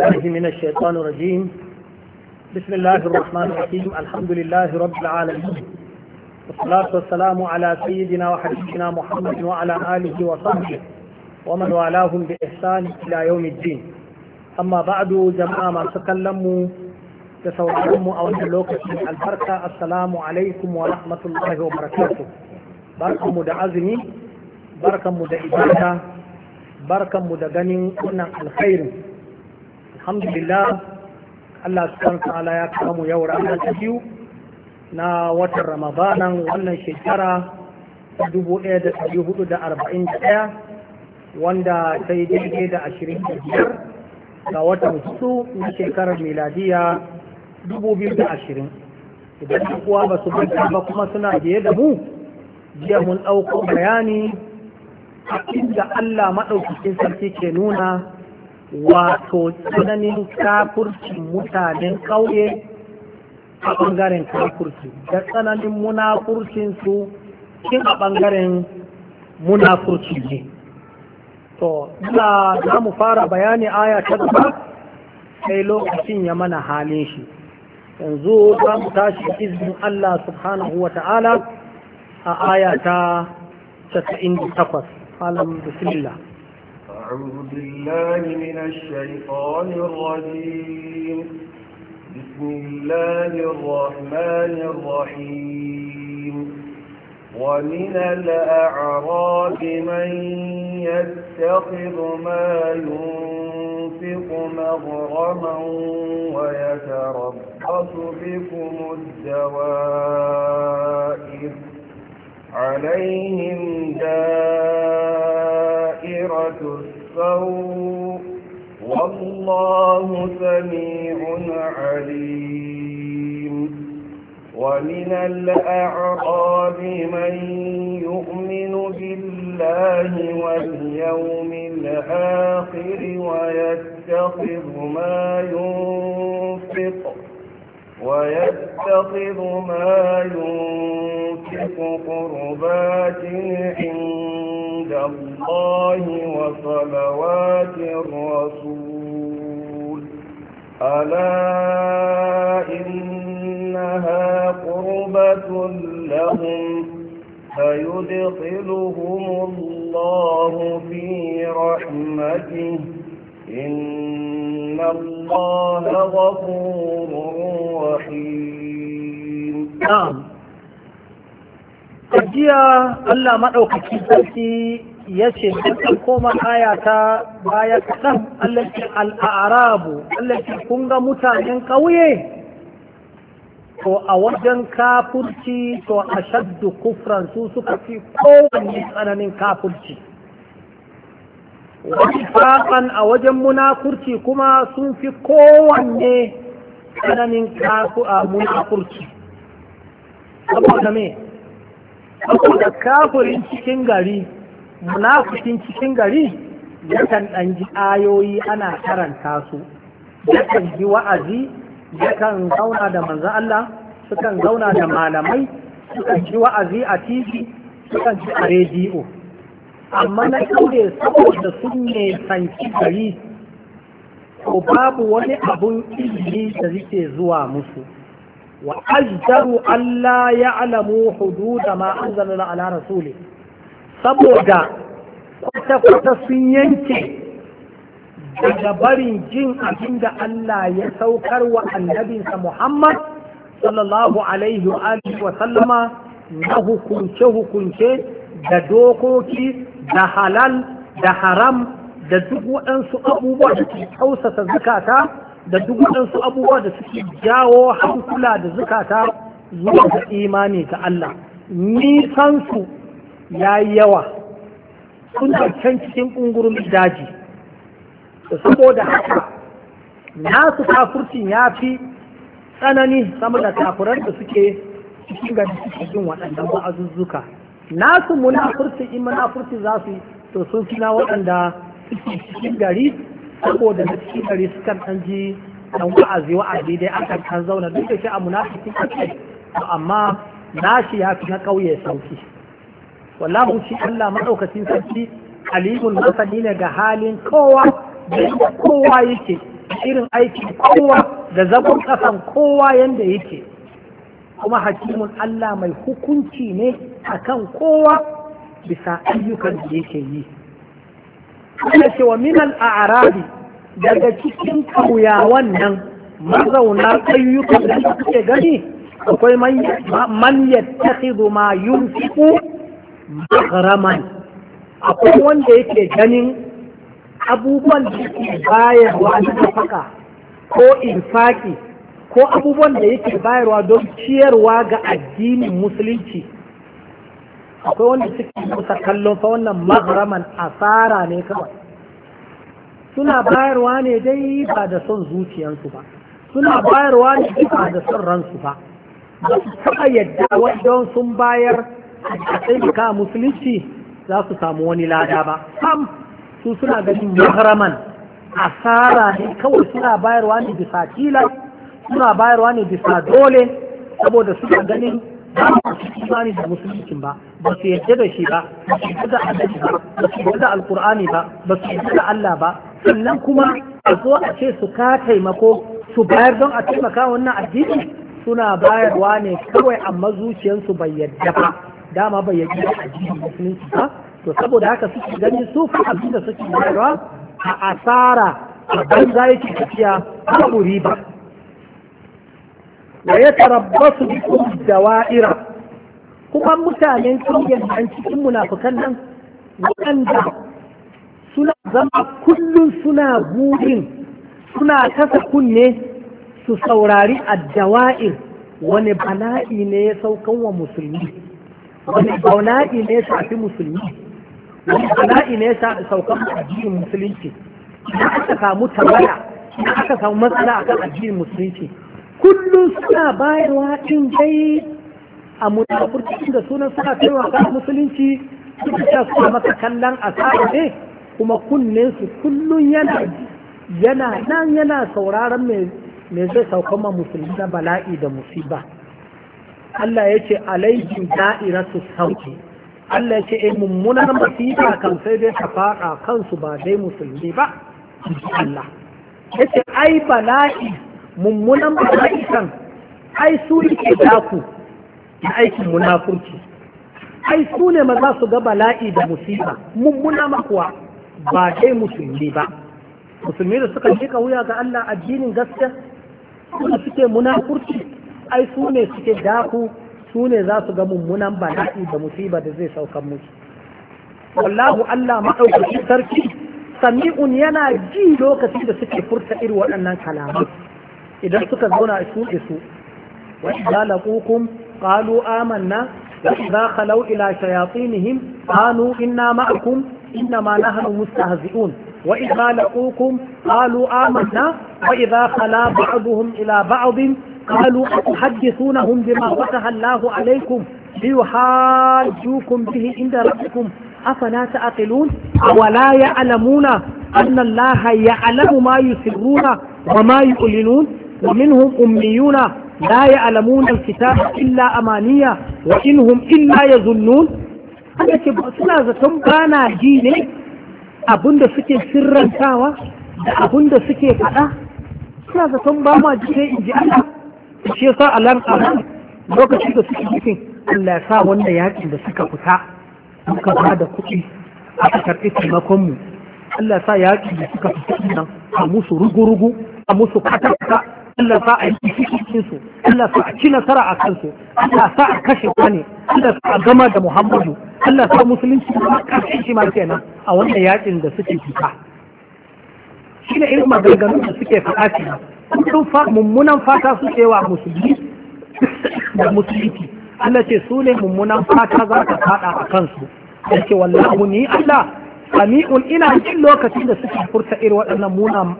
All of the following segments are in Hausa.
أعوذ من الشيطان الرجيم بسم الله الرحمن الرحيم الحمد لله رب العالمين والصلاة والسلام على سيدنا وحبيبنا محمد وعلى آله وصحبه ومن والاهم بإحسان إلى يوم الدين أما بعد جماعة ما تكلموا تسوقوا أو تلوكوا البركة السلام عليكم ورحمة الله وبركاته بركة مدعزمي بركة مدعبانة بركة مدغنين كنا الخير alhamdulillah Allah subhanahu ta'ala ya kamu yau ranar ta biyu na watan ramadanan wannan shekara 1441 wanda ta yi daidai da 25 ga watan su na shekarar miladiya 2020 idan kuwa ba su bai ba kuma suna biye da mu jiya mun ɗauko bayani a inda Allah maɗaukakin sarki ke nuna wato tsananin kafurci mutanen ƙauye a ɓangaren kafurci da tsananin munafurcinsu kin a ɓangaren munafurci ne to na za mu fara bayani aya ta gaba sai lokacin ya mana halin shi yanzu za mu tashi izinin Allah subhanahu wa ta'ala a aya ta 98 alam أعوذ بالله من الشيطان الرجيم بسم الله الرحمن الرحيم ومن الأعراب من يتخذ ما ينفق مغرما ويتربص بكم الدوائر عليهم دائرة السوء والله سميع عليم ومن الأعراب من يؤمن بالله واليوم الآخر ويتخذ ما ينفق ويتخذ ما ينفق قربات عند الله وصلوات الرسول ألا إنها قربة لهم فيدخلهم الله في رحمته إن الله غفور رحيم نعم ajiya Allah maɗaukaki sarki ya ce dukkan koma aya ta baya kaɗan Allah ce al'arabu Allah ce kun ga mutanen ƙauye to a wajen kafurci to a shaddu kufran su suka fi kowanne tsananin kafurci wasifaƙan a wajen munafurci kuma sun fi kowanne tsananin kasu a munafurci saboda me saboda kafurin cikin gari munafukin cikin gari yakan ɗan ji ayoyi ana karanta su yakan ji wa'azi yakan zauna da manzo Allah sukan zauna da malamai sukan ji wa'azi a tv sukan ji a rediyo amma na kauye saboda sun ne sanki gari ko babu wani abun ilimi da zike zuwa musu wa ajdaru Allah ya alamu hudu da ma anzalala ala rasuli saboda kwata-kwata sun yanke daga barin jin abin da Allah ya saukar wa annabinsa Muhammad sallallahu alaihi wa sallama na hukunce-hukunce da dokoki da halal da haram da duk waɗansu abubuwa da suke tausasa zukata da duk waɗansu abubuwa da suke jawo hankula da zukata zuwa ga imani ga Allah nisansu ya yi yawa sun can cikin ƙungurin daji da saboda haka nasu kafurcin ya fi tsanani sama da kafuran da suke cikin gari suke waɗannan ba'azuzzuka nasu munafurci in munafurci za su to sun fi waɗanda cikin gari saboda na cikin gari sukan ɗan ji ɗan wa'azi wa'azi dai a kan zauna duk da shi a munafurci ake amma nashi ya fi na ƙauye sauki wallahu shi Allah maɗaukacin sarki alimun masani ne ga halin kowa da kowa yake irin aikin kowa da zagon kasan kowa yanda yake kuma hakimun Allah mai hukunci ne akan kowa bisa ayyukan da yake yi ana cewa minal a'arabi daga cikin kauyawan nan mazauna ayyukan da suke gani akwai man yattakhidhu ma yunfiqu akwai wanda yake ganin abubuwan da yake bayarwa na nafaka ko infaki ko abubuwan da yake bayarwa don ciyarwa ga addinin musulunci akwai wanda suke kusa kallon fa wannan magharaman asara ne kawai suna bayarwa ne dai ba da son zuciyarsu ba suna bayarwa ne ba da son ransu ba ba su taɓa yadda wajen sun bayar a kawo musulunci za su samu wani lada ba sam su suna ganin mahraman asara ne kawai suna bayarwa ne bisa tilas suna bayarwa ne bisa dole saboda suna ganin ba ba su da musulunci ba ba su yarda da shi ba ba su yarda da annabi ba ba su yarda da alqur'ani ba ba su yarda da Allah ba sannan kuma a zo a ce su ka taimako su bayar don a taimaka wannan addini suna bayarwa ne kawai amma zuciyarsu bai yarda ba dama bai yarda da addinin musulunci ba to saboda haka suke gani su fa abin da suke bayarwa a asara a banza yake tafiya babu riba wa ya tarabbasu bikum dawa'ira kuma mutanen kungiyar an cikin munafukan nan waɗanda suna zama kullum suna burin suna kasa kunne su saurari addawa'ir wani bala'i ne ya saukan wa musulmi wani bala'i ne ya shafi musulmi wani bala'i ne ya saukan addinin musulunci idan aka samu tabbata ina aka samu matsala akan addinin musulunci kullum suna bayarwa cin dai a munafurci da sunan suna kaiwa ga musulunci suka suna maka kallon sa'a ne kuma kunnen su kullum yana yana nan yana sauraron mai me zai sauka ma musulmi na bala'i da musiba Allah ya ce alaiki da'ira su sauke Allah ya ce eh mummunar masifa kan sai dai ta kansu ba dai musulmi ba Allah ya ce ai bala'i mummunan mala'ikan ai su yake daku da aikin munafurci ai su ne ma su ga bala'i da musiba mummuna makuwa ba dai musulmi ba musulmi da suka jika wuya ga Allah addinin gaskiya ne suke munafurci ai su ne suke daku su ne za su ga mummunan bala'i da musiba da zai saukan musu wallahu Allah maɗaukaki sarki sami'un yana ji lokacin da suke furta irin waɗannan kalamai idan suka zuna su isu ya laƙuƙun ƙalu amanna za halau ila shayatinihim hannu inna ma'akum inna ma na hannun mustahazi'un wa iza laƙuƙun ƙalu amanna wa iza hala ba'aduhum ila ba'adin ƙalu a haddisunahum bima wata hallahu alaikum fi hajjukum bihi inda rabbikum afana ta'qilun wala ya'lamuna anna allaha ya'lamu ma yusirruna wa ma yu'linun ومنهم أميون لا يعلمون الكتاب إلا أمانية وإنهم إلا يظنون هذا كبه سنة زتم بانا جيني أبند سكي سرا كاوا أبند سكي فأه suna zaton ba ma ji sai in ji Allah shi yasa Allah ya lokacin da suke cikin Allah ya sa wanda yakin da suka fita muka ba da kuɗi a karɓi taimakon mu Allah ya sa yakin da suka fita nan a musu musu Allah sa a yi cikin su Allah sa a ci nasara a kansu Allah sa a kashe wani Allah sa a gama da Muhammadu Allah sa musulunci ma kashe shi ma kenan a wannan yakin da suke fita shi ne irin maganganun da suke faɗa kenan mummunan fata suke wa musulmi da musulunci Allah ce su ne mummunan fata za ka faɗa a kansu yake wallahu ni Allah sami'un ina jin lokacin da suke furta irin waɗannan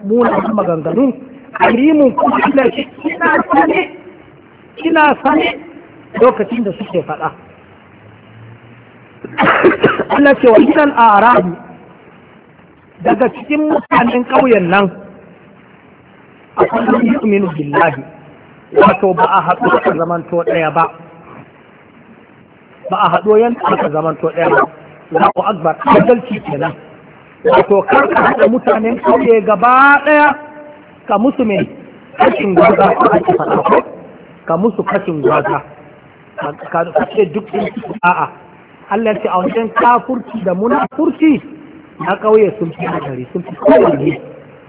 muna maganganun alimun kuma shi ina sane ina sane lokacin da suke faɗa Allah ce wa a arabi daga cikin mutanen ƙauyen nan a wani yu'minu billahi wato ba a haɗu aka zamanto ɗaya ba ba a haɗo yan aka zamanto ɗaya ba Allahu akbar adalci kenan wato kar ka haɗa mutanen ƙauye gaba ɗaya ka musu mai kashin gwaza ko ake ka musu kashin gwaza ka kashe duk a'a Allah ya ce a wajen kafurci da furci na ƙauye sun fi a gari sun fi kowanne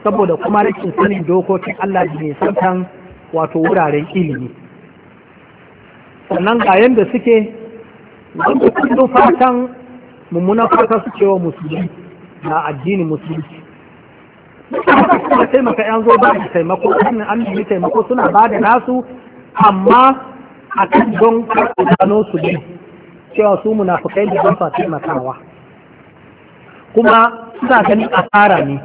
saboda kuma rashin sanin dokokin Allah ne santan wato wuraren ilimi sannan ga yanda suke wanda kullum fatan mummuna fata su cewa musulmi na addinin musulunci kuma taimaka yan zo ba da taimako an an nemi taimako suna ba da nasu amma a kan don gano su ne cewa su munafukai da ba taimakawa kuma suna ganin fara ne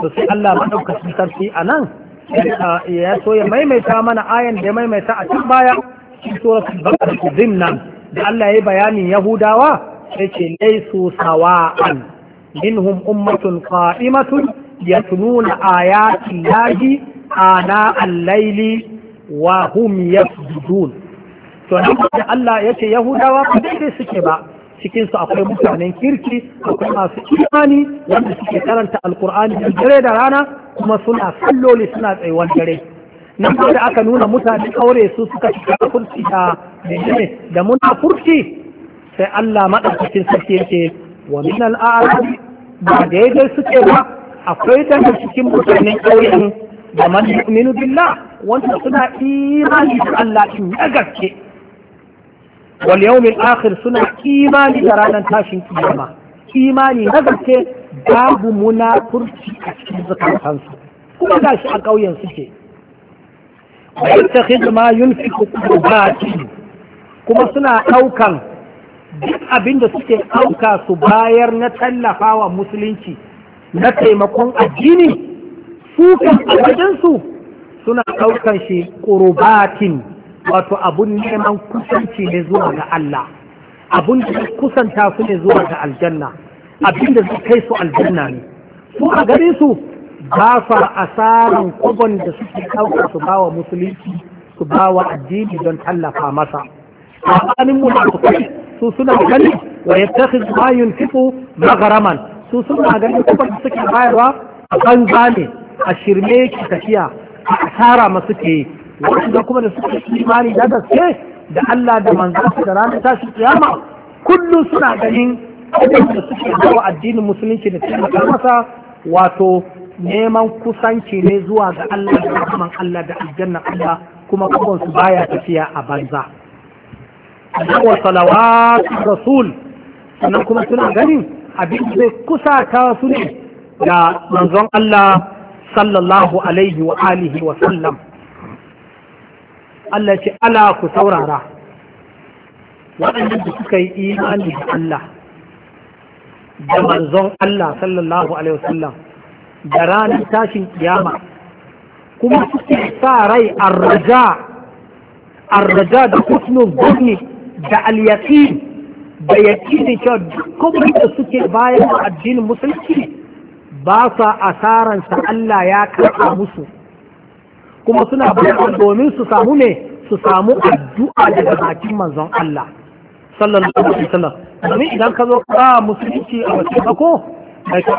to sai Allah sun sarki a nan ya so ya maimaita mana ayan da ya maimaita a can baya cikin suratul baqara zimnan da Allah ya yi bayanin yahudawa yake ce sawa'an minhum ummatun qa'imatun yatluna ayati llahi ana al-laili wa hum yasjudun to nan da Allah yahudawa ba suke ba cikin su akwai mutanen kirki akwai masu imani wanda suke karanta alkur'ani da dare da rana kuma suna salloli suna tsayuwar dare nan da aka nuna mutane aure su suka shiga furci da da muna furci sai Allah madaukakin sarki yake wa min al-a'rab ba daidai suke ba akwai daga cikin mutanen ƙauyen da man yu'minu billah wanda suna imani da Allah in ya gaske wal yawmil akhir suna imani da ranar tashin kiyama imani na gaske babu munafurci a cikin zakatansu kuma ga shi a ƙauyen suke wa yattakhidhu ma yunfiqu kuma suna ɗaukan duk abin da suke ɗauka su bayar na tallafawa musulunci na taimakon addini su kan wajensu suna ɗaukan shi ƙurubatin wato abun neman kusanci ne zuwa ga Allah abun da kusanta su ne zuwa ga aljanna abin da zai kai su aljanna ne su a gare su ba sa asarin kubon da suke ɗauka su bawa musulunci su bawa addini don tallafa masa tsakanin munafukai su suna gani wa yattakhidhu ma yunfiqu maghraman su suna gani kuma suke bayarwa a banza ne a shirme ki tafiya a asara ma suke wanda kuma da suke imani da gaske da Allah da manzansa da ranar tashi kiyama kullum suna ganin da suke zuwa addinin musulunci da taimaka masa wato neman kusanci ne zuwa ga Allah da rahman Allah da aljanna Allah kuma su baya tafiya a banza. wa salawat rasul sannan kuma suna ganin abin zai kusa ta su ne da manzon Allah sallallahu alaihi wa alihi wa sallam Allah ce ala ku saurara waɗanda da suka yi imani da Allah da manzon Allah sallallahu alaihi wa sallam da ranar tashin kiyama kuma suke sa rai arraja arraja da husnul zanni da al-yaqin da yaqini cewa dukkan da suke bayan addinin musulunci ba sa asaransa Allah ya karɓa musu kuma suna bayan domin su samu ne su samu addu'a daga bakin manzon Allah sallallahu alaihi wasallam domin idan ka zo ka musulunci a wasu bako mai ka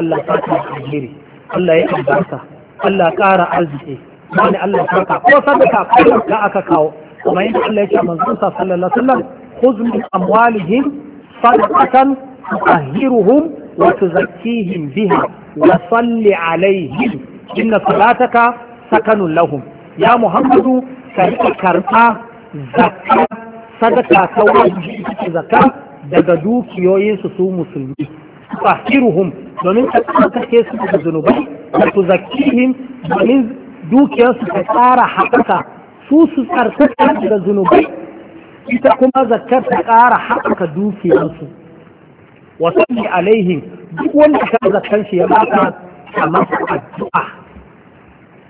Allah ta ta alheri Allah ya albarka Allah ƙara arziki wani Allah ta ka ko sadaka ko ka aka kawo kamar yadda Allah ya ce manzon sa sallallahu alaihi wasallam khudh min amwalihim sadaqatan tutahhiruhum wa tuzakkihim biha wa salli alaihim inna salataka sakanun lahum ya muhammadu ka rika karɓa zakka sadaka ta daga dukiyoyinsu su musulmi tahiruhum domin ka tsarkake su da zunubai da tuzakkihim domin dukiyarsu ta tsara haɗaka. su su tsarkaka da zunubai ita kuma zakar ta ƙara haɓaka dukiyarsu wasanni alaihi duk wanda ka zakkan shi ya baka a masa addu'a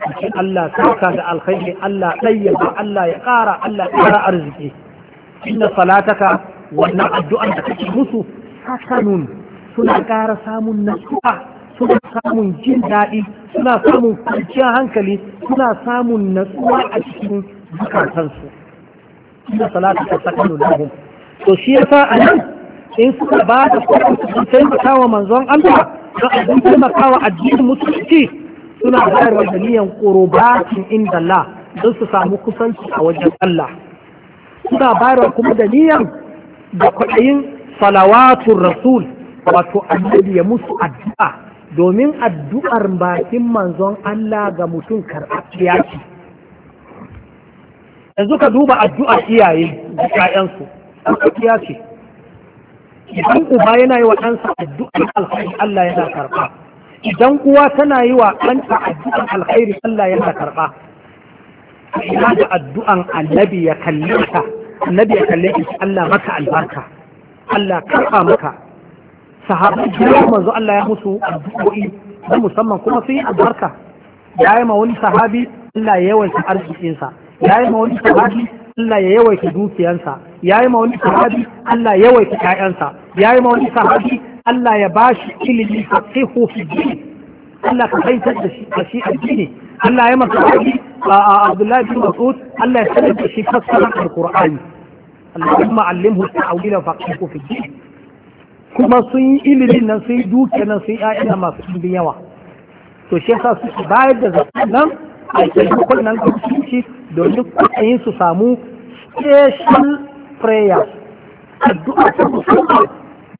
cikin Allah sauka da alkhairi Allah ba, Allah ya ƙara Allah ya ƙara arziki inna salataka wannan addu'ar da kake musu hasanun suna ƙara samun nasu'a suna samun jin daɗi suna samun kwanciyar hankali suna samun natsuwa a cikin zukatansu Suna salatu ta sakanu lahum to shi sa a nan in suka ba da kuɗin taimaka wa manzon Allah don abin taimaka wa addinin musulunci suna bayarwa da niyan qurbatin inda Allah don su samu kusanci a wajen Allah suna bayarwa kuma da niyan da kwaɗayin salawatun rasul wato annabi ya musu addu'a domin addu'ar bakin manzon Allah ga mutum karɓaɓɓiya ce yanzu ka duba addu'ar iyaye da ƴaƴansu karɓaɓɓiya ce idan uba yana yi wa ɗansa addu'ar alkhairi Allah yana karɓa idan uwa tana yi wa ɗanta addu'ar alkhairi Allah yana karɓa ina da addu'an annabi ya kalle ka annabi ya kalle ki Allah maka albarka Allah karɓa maka sahabai jiya manzo Allah ya musu addu'o'i na musamman kuma sun yi albarka ya yi ma wani sahabi Allah ya yawaita arzikinsa ya yi ma wani sahabi Allah ya yawaita dukiyansa ya yi ma wani sahabi Allah ya yawaita ƴaƴansa ya yi ma wani sahabi Allah ya bashi ilimi fasihu fi din Allah ka fahimtar da shi a shi addini Allah ya masa wani Abdullahi bin Mas'ud Allah ya sanar da shi fassarar Al-Qur'ani Allahumma allimhu ta'awila faqihu fi din kuma sun yi ilimin nan sun yi duke nan sun yi ƴaƴan masu ɗimbin yawa to shi yasa su bayar da zaɓen nan a taimakon nan ga musulunci domin kuɗayen su samu special prayer addu'a ta musamman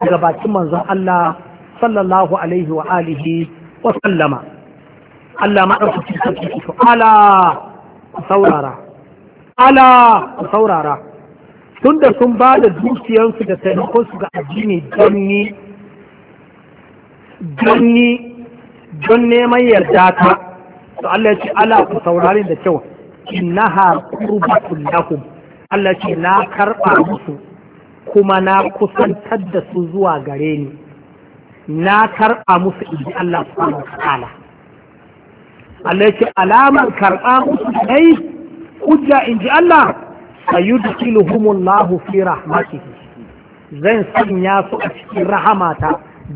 daga bakin manzon Allah sallallahu alaihi wa alihi wa sallama Allah ma ɗauki cikin sarki ala ku saurara ala ku saurara tun da sun ba da dukiyansu da taimakonsu ga addini don ni don neman yarda ta to Allah ya ce ala ku saurari da kyau ha qurbatun lakum Allah ce na karɓa musu kuma na kusantar da su zuwa gare ni na karɓa musu inji Allah subhanahu ta'ala Allah ce alamar karɓa musu kai hujja inji Allah fayudkhiluhumullahu fi rahmatihi zan sanya su a cikin rahamata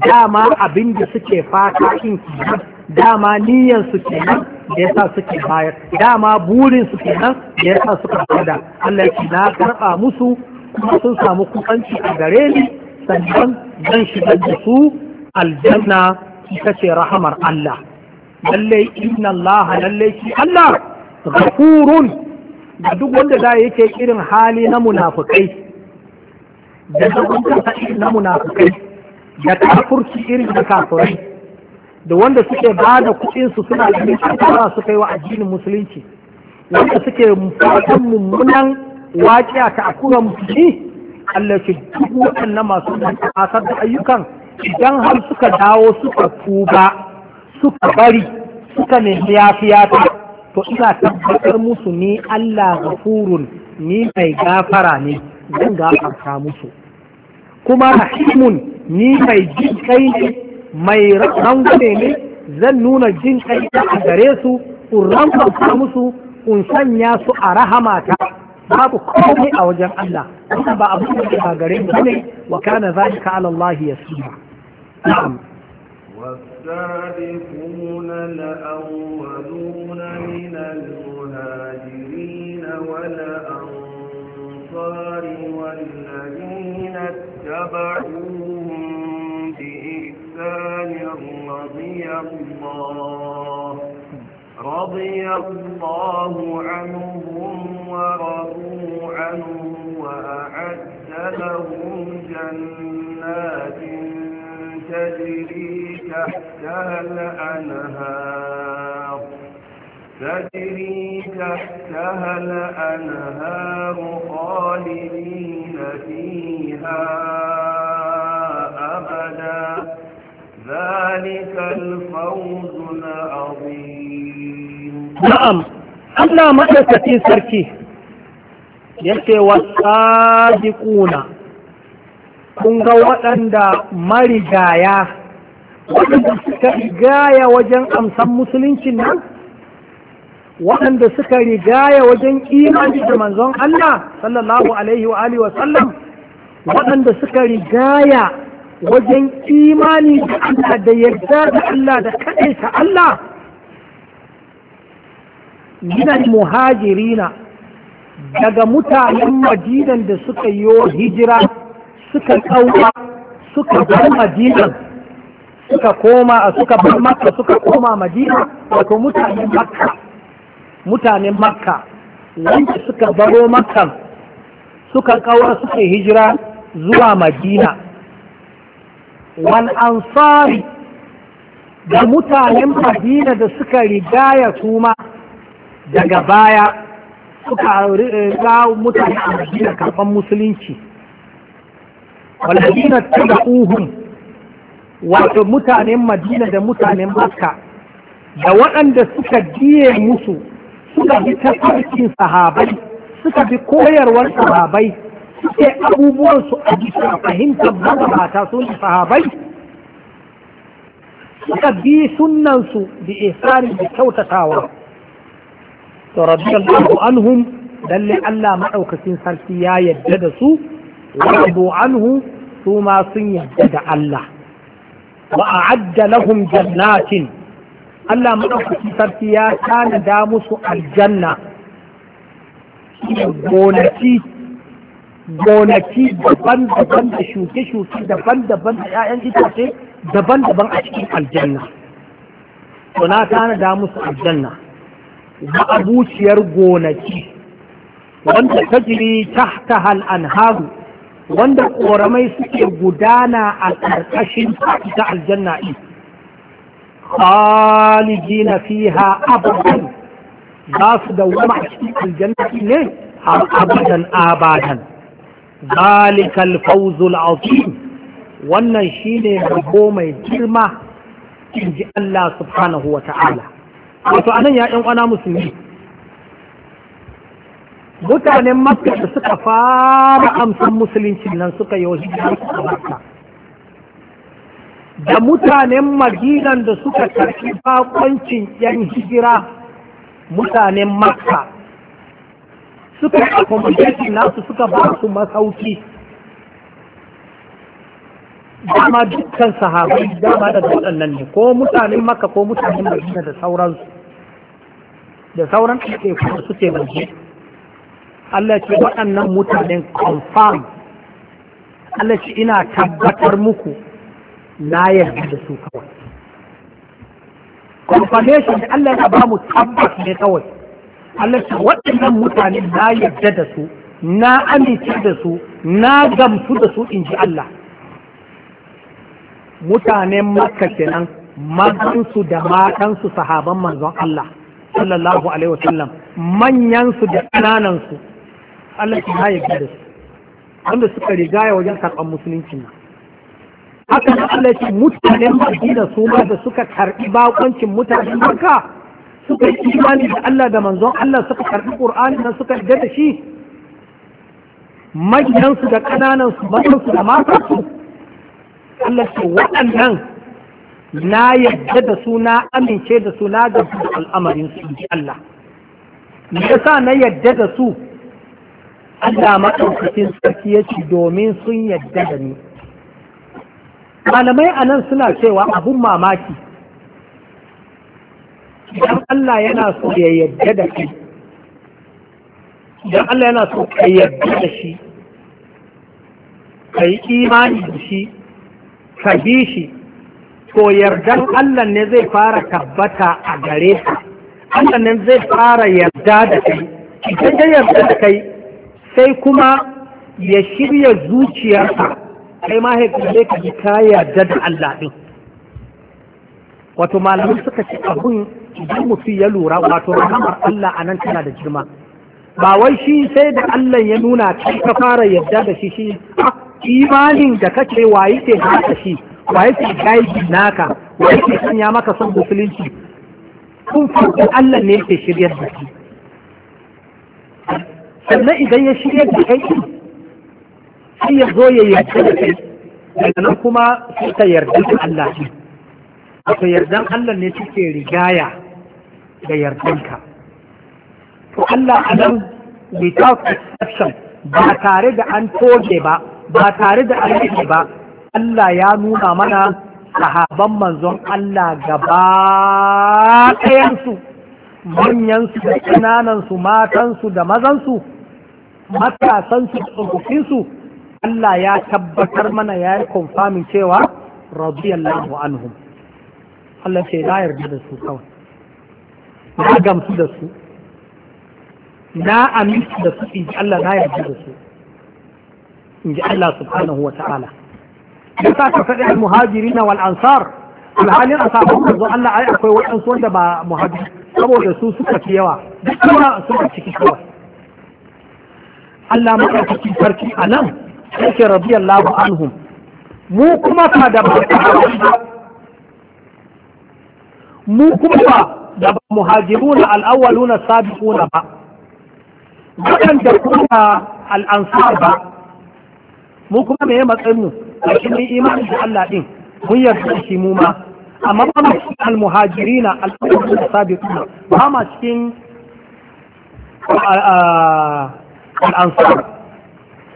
dama abin da suke fata kin kenan dama niyyar su kenan da yasa suke bayar dama burin su kenan da yasa suka bada Allah ya na karba musu kuma sun samu kusanci a gare ni sannan zan shigar da su aljanna ita ce rahamar Allah lallai inna Allah lallai ki Allah ghafurun da duk wanda za yake irin hali na munafukai da zagunta irin na munafukai da kafurci irin da kafurai da wanda suke ba da kuɗinsu suna ganin kasara su kai wa addinin musulunci wanda suke fatan mummunan waƙiya ta akura musulmi Allah ke duk waɗannan masu asar da ayyukan idan har suka dawo suka tuba suka bari suka nemi yafiya ta to ina tabbatar musu ni Allah gafurun ni mai gafara ne zan gafarta musu kuma rahimun ni mai jin kai ne mai rangwane ne zan nuna jin kai a gare su in ramfarta musu in sanya su a rahamata babu komai a wajen Allah wannan ba abu da ba gare mu ne wa kana zalika ala Allah yasira na'am السابقون الأولون من المهاجرين والأنصار والذين اتبعوهم بإحسان رضي الله رضي الله عنهم ورضوا عنه وأعد لهم جنات تجري تحتها الأنهار تجري تحتها الأنهار خالدين فيها أبدا ذلك الفوز العظيم نعم أنا مدرسة سركي يلقي والصادقون kun ga waɗanda marigaya waɗanda suka rigaya wajen amsan musuluncin nan waɗanda suka rigaya wajen imani da manzon Allah sallallahu alaihi wa alihi wa sallam waɗanda suka rigaya wajen imani da Allah da yarda da Allah da kaɗaita Allah gidan muhajirina daga mutanen madinan da suka yi hijira suka kawo suka bar madina suka koma a suka bar makka suka koma madina wato mutanen makka mutanen makka wanda suka baro makka suka kawo suka hijira zuwa madina wal ansari da mutanen madina da suka rigaya kuma daga baya suka riga eh, mutane a madina karɓar musulunci walhazina wato mutanen madina da mutanen makka da waɗanda suka biye musu suka bi tafarkin sahabai suka bi koyarwar sahabai suke abubuwansu a bisa fahimtar magabata sun sahabai suka bi sunansu da ihsani da kyautatawa to radiyallahu anhum lalle Allah maɗaukacin sarki ya yadda da su radu anhu su ma sun yarda da Allah wa a'adda lahum jannatin Allah madaukaki sarki ya tanada musu aljanna gonaki gonaki daban-daban da shuke-shuke daban-daban da 'ya'yan itace daban-daban a cikin aljanna to na tanada musu aljanna ma'abuciyar gonaki wanda ta tajiri tahtaha al-anharu wanda ƙoramai suke gudana a ƙarƙashin ta aljanna ɗin khaliji na ha abadan za su da wama a cikin aljanna ne a abadan abadan zalikal fawzul azim wannan shine rabo mai girma in ji Allah subhanahu wa ta'ala wato anan ya ƴan musulmi mutanen makka da suka fara amsan musulunci nan suka yi wasu baka, da mutanen madinan da suka karfi bakoncin yan hijira mutanen makka suka akwamfani nasu suka ba su masauki dama dukkan sahabai dama da waɗannan ne ko mutanen makka ko mutanen madina da sauransu da sauran ake kuma suke majiyar Allah ce waɗannan mutanen confirm Allah ce ina tabbatar muku na yarda da su kawai confirmation da Allah ya ba mu tabbas ne kawai Allah ce waɗannan mutane na yarda da su na amince da su na gamsu da su in ji Allah mutanen maka kenan mazansu da matansu sahaban manzon Allah sallallahu alaihi wasallam manyansu da ƙananansu Allah ki ya yarda da su wanda suka rigaya wajen karɓar musulunci nan haka da Allah ce mutanen Madina su ma da suka karɓi bakoncin mutanen Makka suka yi imani da Allah da manzon Allah suka karɓi Qur'ani nan suka yarda da shi manyansu da ƙananan su manyansu da matansu Allah ce waɗannan na yadda da su na amince da su na gabu da al'amarin su in Allah me yasa na yadda da su Allah maɗaukakin sarki ya ce domin sun yadda da ni malamai a nan suna cewa abun mamaki idan Allah yana so ya yadda da shi, idan Allah yana so ka yadda da shi ka yi imani da shi ka bi shi to yardan Allah ne zai fara tabbata a gare ka Allah ne zai fara yarda da kai idan ya yarda da kai sai kuma ya shirya zuciyarsa kai mahaifin zai ka ka yarda da Allah ɗin wato malamai suka ce abun idan mutum ya lura wato rahamar Allah a nan tana da girma ba wai shi sai da Allah ya nuna kai ka fara yarda da shi shi ah, imanin da kake waye ke haka shi waye ke gaidi naka waye ke sanya maka son musulunci kun fi Allah ne ke shiryar da shi sannan idan ya shirya da kai sai ya zo ya yarda da kai daga nan kuma sai ka yarda da Allah ne aka yardan Allah ne suke rigaya da yardanka to Allah a nan without exception ba tare da an toge ba ba tare da an yi ba Allah ya nuna mana sahaban manzon Allah gaba ɗayansu. manyansu da ƙananansu matansu da mazansu matasansu da tsofaffinsu Allah ya tabbatar mana ya yi konfamin cewa radiyallahu anhum Allah ce na yarda da su kawai na gamsu da su na aminsu da su in ji Allah na yarda da su in ji Allah subhanahu wa ta'ala ya sa ka faɗi al na wal ansar alhalin a sabon manzo Allah ai akwai waɗansu wanda ba muhajiri saboda su suka fi yawa duk kuma suka ciki kawai Allah maɗaukaki sarki a nan yake radiyallahu anhum mu kuma fa da ba mu kuma fa da ba muhajiruna al'awwaluna sabiquna ba da kuma al'ansar ba mu kuma me matsayin mu a cikin imani da Allah din mun yarda shi mu ma amma ba ma cikin almuhajirina al'ummar da sabiquna ba ma cikin al'ansar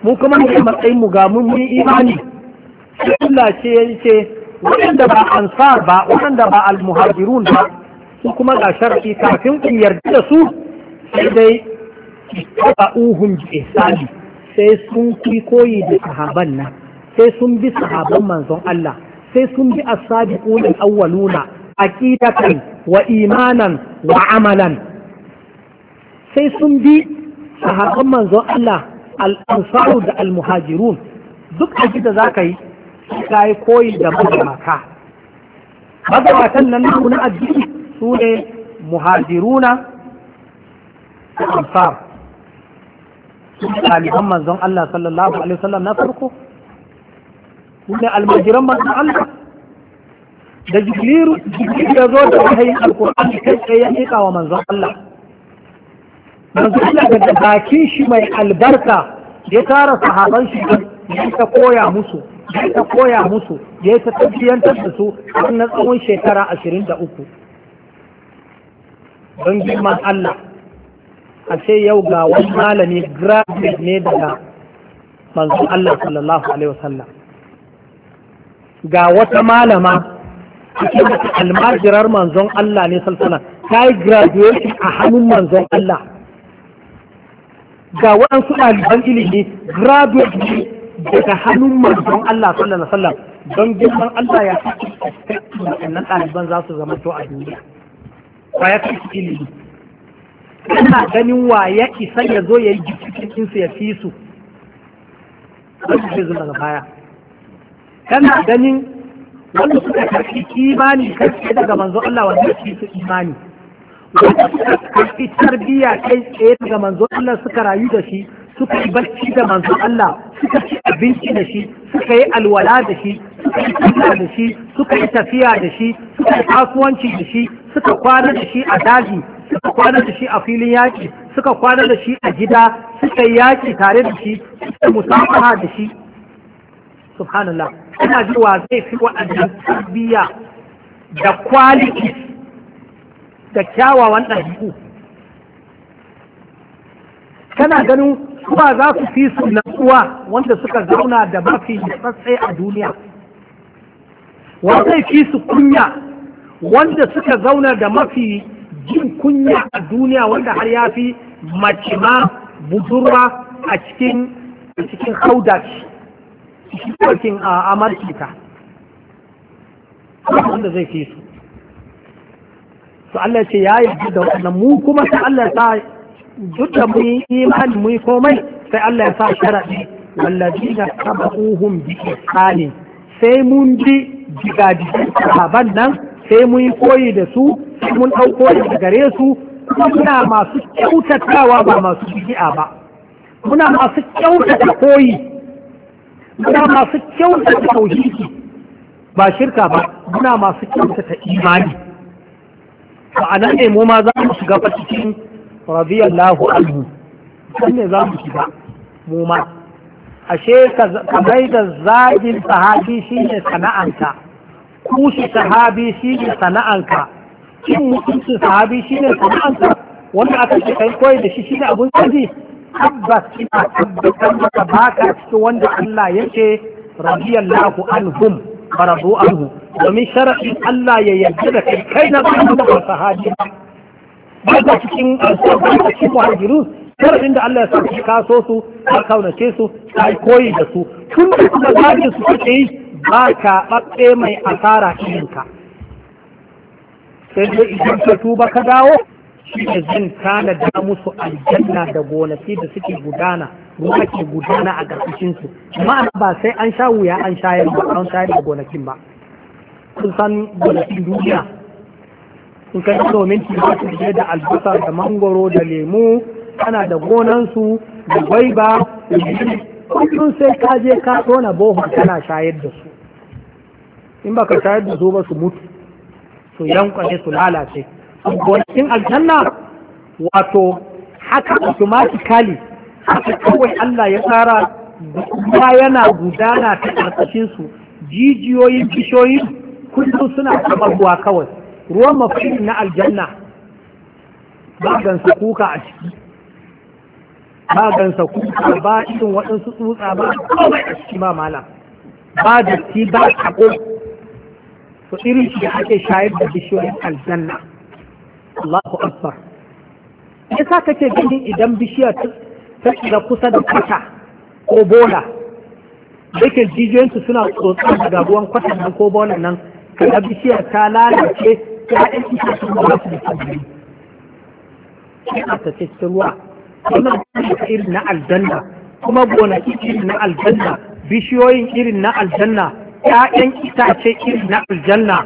mu kuma ne matsayin mu ga mun yi imani Allah ce ya ce waɗanda ba ansar ba waɗanda ba almuhajirun ba su kuma ga shar'i kafin ku yarda da su sai dai ta'uhum bi ihsani sai sun ki koyi da sahaban nan sai sun bi sahaban manzon Allah sai sun bi as-sabiqun al-awwaluna aqidatan wa imanan wa amalan sai sun bi sahabban manzon Allah al-ansaru da al-muhajirun duk gida zaka yi kai koyi da maka magabatan nan na addini su ne muhajiruna da ansar ɗaliban manzon Allah sallallahu alaihi wasallam na farko sune almajiran masu Allah da jibrilu jibril ya zo da wahayin alqur'ani kai tsaye ya miƙa wa manzon Allah manzon Allah da bakin shi mai albarka ya tara sahaban shi ya ta koya musu ya ta koya musu ya ta tabbiyantar da su har na tsawon shekara ashirin da uku don girman Allah a ce yau ga wani malami graduate ne daga manzon Allah sallallahu alaihi wasallam ga wata malama cikin almajirar manzon Allah ne salsana ta yi graduation a hannun manzon Allah ga waɗansu ɗaliban ilimi graduate ne daga hannun manzon Allah sallallahu alaihi wasallam don girman Allah ya fi waɗannan ɗaliban za su zama to a duniya ba ya fi ilimi ina ganin wa ya isa ya zo ya yi jikin su ya fi su wanda zai zama baya kana ganin wanda suka karfi imani kai daga manzo Allah wanda shi su imani wanda suka karfi tarbiyya kai tsaye daga manzo Allah suka rayu da shi suka yi barci da manzo Allah suka ci abinci da shi suka yi alwala da shi suka yi tafiya da shi suka yi tafiya da shi suka yi kasuwanci da shi suka kwana da shi a daji suka kwana da shi a filin yaƙi suka kwana da shi a gida suka yi yaƙi tare da shi suka musafaha da shi subhanallah kana ji wa zai fi waɗannan tarbiyya da kwaliki da kyawawan ɗabi'u kana ganin kuma za su fi su uwa wanda suka zauna da mafi tsatse a duniya wa zai fi su kunya wanda suka zauna da mafi jin kunya a duniya wanda har ya fi macima budurwa a cikin haudaci shi a amarci ta wanda zai fi su su Allah ce ya yi da wannan mu kuma sai Allah sa duk da mu yi imani mu yi komai sai Allah ya sa na saba uhun bi ihsani sai mun bi digadigan sahaban nan sai mun yi koyi da su sai mun ɗauko da gare su kuma muna masu kyautatawa ba masu bid'a ba muna masu kyautata koyi muna masu kyautata tauhidi ba shirka ba muna masu kyautata imani ma'ana ne mu ma za mu shiga ba cikin radiyallahu anhu kan ne za mu shiga mu ma ashe ka mai da zagin sahabi shine sana'anka Kushi sahabi shine sana'anka cin mutuncin sahabi shine sana'anka wanda aka ce kai koyi da shi shi ne abun kaji tabbas ina tabbatar maka ba ka cikin wanda Allah yake radiyallahu anhum wa radu anhu domin sharafin Allah ya yarda da kai kai na zama da sahabi ba cikin alƙawari da cikin muhajiru sharafin da Allah ya sa ka kaso su ka kaunace su ka koyi da su tun da kuma zaki su kake yi ba ka babbe mai asara irinka sai dai idan ka tuba ka dawo shi zan zan da musu aljanna da gonaki da suke gudana ruwa ke gudana a ƙarƙashin su ma'ana ba sai an sha wuya an shayar ba an shayar da gonakin ba kun san gonakin duniya sun kai domin kimanin da da albasa da mangoro da lemu ana da gonansu da gwaiba da kullum sai ka je ka tona boho kana shayar da su in baka shayar da su ba su mutu su yankwane su lalace gonakin aljanna wato haka automatically haka kawai Allah ya tsara ba yana gudana ta karkashin su jijiyoyin bishiyoyin kullum suna kamar ruwa kawai ruwan mafi na aljanna ba gansa kuka a ciki ba gansa kuka ba irin waɗansu tsutsa ba kawai a ciki ba mala ba da ba taɓo to irin shi ake shayar da bishiyoyin aljanna Allahu akbar yasa kake gani idan bishiya ta shiga kusa da kwata ko bola yake jijiyoyinsu suna tsotsa da ruwan kwatan nan ko bolan nan kada bishiyar ta lalace ta ɗan kusa sun ba su da sabbi shi a ta cikin ruwa wannan irin na aljanna kuma gonaki irin na aljanna bishiyoyin irin na aljanna 'ya'yan itace irin na aljanna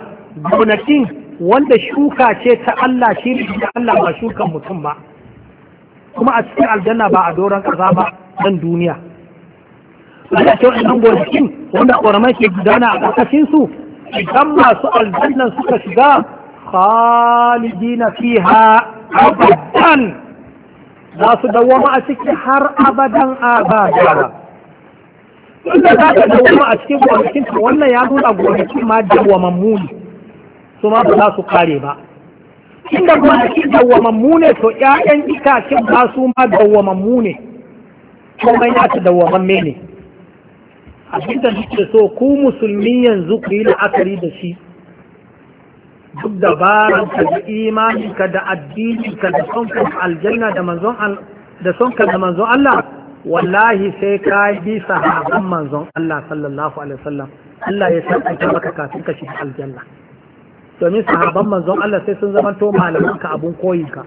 gonakin wanda shuka ce ta Allah shi ne da Allah ba shukan mutum ba kuma a cikin aljanna ba a doron kaza ba dan duniya Allah ce wannan gonakin wanda ƙoramai ke gudana a ƙarƙashin su idan masu aljanna suka shiga khalidina fiha abadan za su dawoma a ciki har abadan abada inda za ka dawoma a cikin gonakin wannan ya nuna gonakin ma dawwamammu ne su ma ba za su kare ba inda kuma a cikin dawwamammu ne to ƴaƴan itacen ba su ma dawwamammu ne komai na ta dawwamamme ne abin da nake so ku musulmi yanzu ku yi la'akari da shi duk dabaranka da imaninka da addininka da sonka da aljanna da manzon da sonka da manzon Allah wallahi sai ka bi sahabban manzon Allah sallallahu alaihi wasallam Allah ya san maka kafin ka shiga aljanna domin sahaban manzon Allah sai sun zama to malaman ka abun koyin ka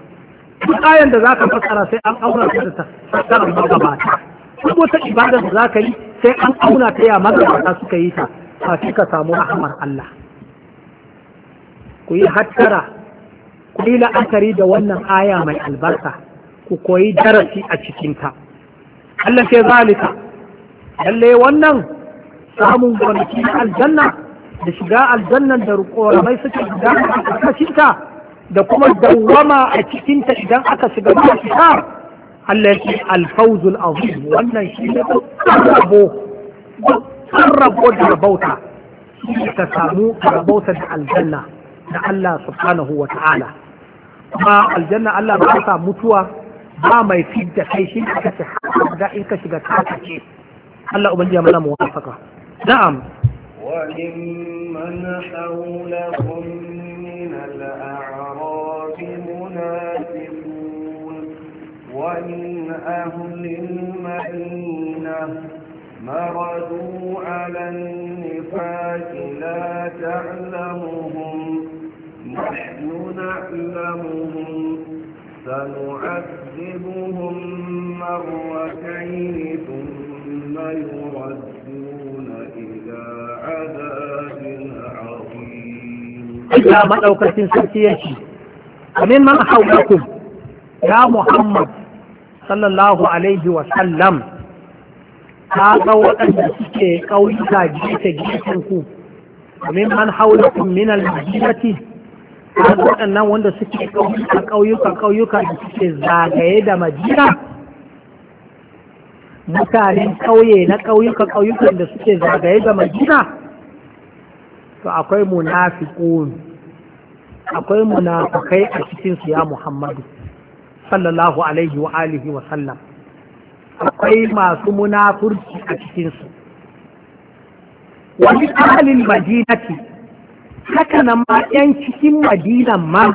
duk ayan da zaka fassara sai an aura ta ta fassara magabata duk wata ibada da zaka yi sai an auna ta ya magabata suka yi ta kafin ka samu rahmar Allah ku yi hattara ku yi la'akari da wannan aya mai albarka ku koyi darasi a cikinta Allah sai zalika lalle wannan samun gwamnati na aljanna da shiga aljannan da ƙoramai suke shiga a da kuma dawwama a cikinta idan aka shiga ba fita Allah yake alfauzul azim wannan shi ne rabo rabo da rabauta ka samu rabauta da aljanna da Allah subhanahu wa ta'ala kuma aljanna Allah ba ta mutuwa ba mai fidda kai shi aka ce har da in ka shiga ta ce Allah ubangiji ya mana muwafaka na'am وممن حولهم من الأعراب منافقون ومن أهل المدينة مردوا على النفاق لا تعلمهم نحن نعلمهم سنعذبهم مرتين ثم يردون Aika maɗaukakin sarki yake, amin man haukakun, ya Muhammad sallallahu Alaihi wa sallam ta zau waɗanda suke ƙauyuka gita ku, amin man haukakun minal gizati, ta waɗannan wanda suke ƙauyuka ƙauyuka da suke zagaye da madina. mutanen ƙauye na ƙauyuka ƙauyukan da suke zagaye da madina to akwai munafiqun akwai munafikai a cikin su ya muhammadu sallallahu alaihi wa alihi wa sallam akwai masu munafurci a cikin su wani ahalin madinati haka nan ma yan cikin madinan ma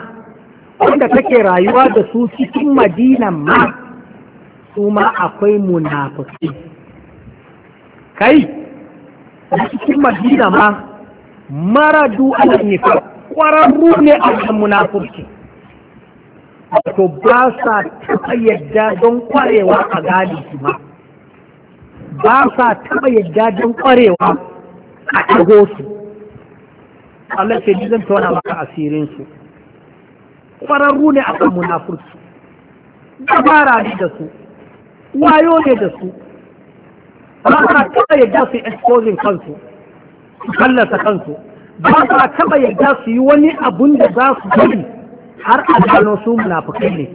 wanda take rayuwa da su cikin madinan ma su ma akwai munafiki kai da cikin madina ma maradu fa ƙwararru ne a kan munafurci to ba sa taɓa yadda don ƙwarewa a gadi su ma ba sa taɓa yadda don ƙwarewa a tago su Allah ce zan tona maka asirinsu ƙwararru ne a kan munafurci dabara ne da su wayo ne da su ba sa taɓa yadda su exposing kansu su kallasa kansu ba sa taɓa yadda su yi wani abun da za su gani har a gano su munafukai ne